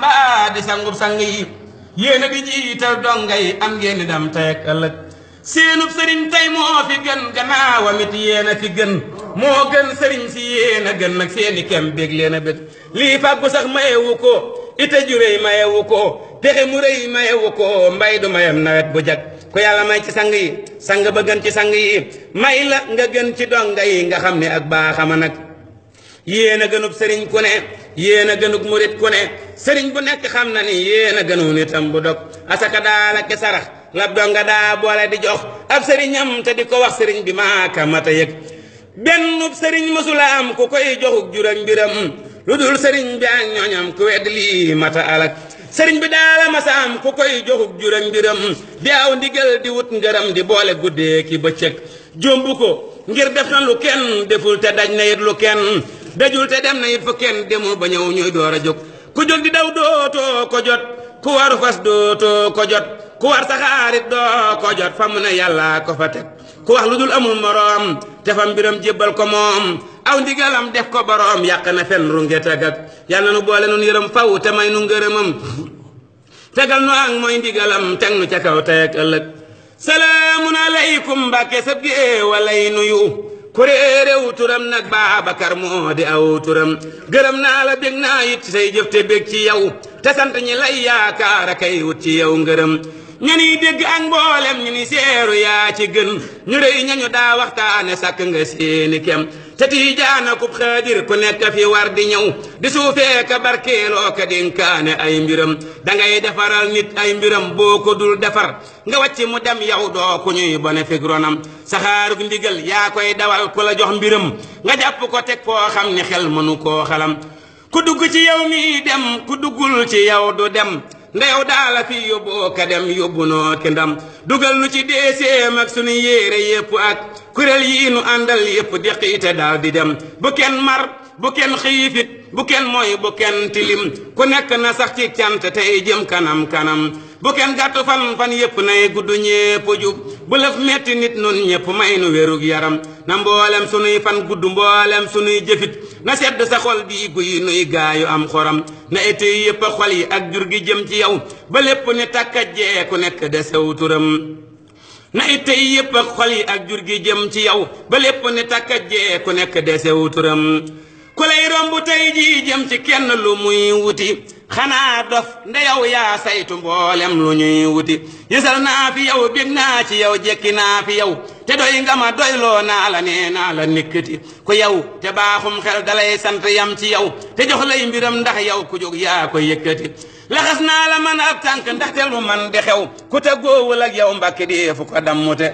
na di sangub sang yi yéena di jiital donga yi am ngeen di dem sëriñ tey moo fi gën gannaawam it moo gën sëriñ si yéena gën nag seeni kem bég a lii fàggu sax mayewu ko ite juréy mayewu ko pexe mu rëy mayewu ko mbay du mayam nawet bu jag ku yàlla may ci sang yi sang ba gën ci sang yi may la nga gën ci donga yi nga xam ne ak baaxama nag yéen gënub sëriñ ku ne yéen a gënug murit ku ne sëriñ bu nekk xam na ni yéen a gënu nitam bu dog asaka daala ke sarax la donga daa boole di jox ab sëriñam te di ko wax sëriñ bi maaka mata yëg bennub sëriñ mësula am ku koy joxug juram mbiram lu dul sëriñ bi ak ñooñam ku wedd lii mata alak sëriñ bi daala masa am ku koy joxug juram mbiram di aw ndigal di wut ngërëm di boole guddee ki bëccëg jombu ko ngir def na lu kenn deful te daj na it lu kenn dajul te dem na it fa kenn demul ba ñëw ñuy door a jóg ku jóg di daw dootoo ko jot ku waru fas dootoo ko jot ku war saxaarit doo ko jot fa mu ne yàllaa ko fa teg ku wax lu dul amul moroom te fa mbiram jébbal ko moom aw ndigalam def ko boroom yàq na fen runge tagak yàlla nu boole nun yërëm faw te may nu ngërëmam tegal nu ak mooy ndigalam teg nu ca kaw tey ak ëllëg salaamun aleykum mbàkke sab gi walay nuyu kuréeréwu turam nag Babacar moo di aw turam gërëm naa la bég naa it ci say jëf te bég ci yow te sant ñi lay yaakaar a kay wut ci yow ngërëm ña niy dégg ak mboolem ñu ni seeru yaa ci gën ñu rëy ñañu daa waxtaane sàkk nga seeni kem te tiijaana kub xaadir ku nekk fi war di ñëw di suufee ka barkeeloo ka dénkaane ay mbiram dangay defaral nit ay mbiram boo ko dul defar nga wàcc mu dem yow doo ku ñuy bone fig ronam saxaaruk ndigal yaa koy dawal ku la jox mbiram nga jàpp ko teg koo xam ni xel mënu koo xalam ku dugg ci yow mii dem ku duggul ci yow du dem ndeyow daala fi yóbboo ka dem yóbbu noo ki ndam dugal nu ci deeseem ak sunu yéere yépp ak kuréel yii nu àndal yépp di ite daal di dem bu kenn mar bu kenn xiifit bu kenn mooy bu kenn tilim ku nekk na sax ci cant tey jëm kanam kanam bu kenn gàtt fan fan yépp nay gudd ñépp jub bu lëf metti nit nun may nu wérug yaram na mboolem sunuy fan gudd mboolem sunuy jëfit na sedd sa xol bi guy nuy gaayu am xoram na étéy xol yi ak jur gi jëm ci yow ba lépp ne ku nekk de sew turam na it tey yépp ak xol yi ak jur gi jëm ci yow ba lépp ne takka jee ku nekk desewu turam ku lay romb tey jii jëm ci kenn lu muy wuti xanaa dof ndeyow yaa saytu mboolem lu ñuy wuti yësal naa fi yow bég naa ci yow jekki naa fi yow te doy nga ma doyloo naa la nee naa la nekkati ku yow te baaxum xel dalay sant yam ci yow te jox lay mbiram ndax yow ku jóg yaa ko yëkkati laxas naa la man ab tànk ndaxte lu man di xew ku te góowul ak yow mbàkki dee fu ko dammute.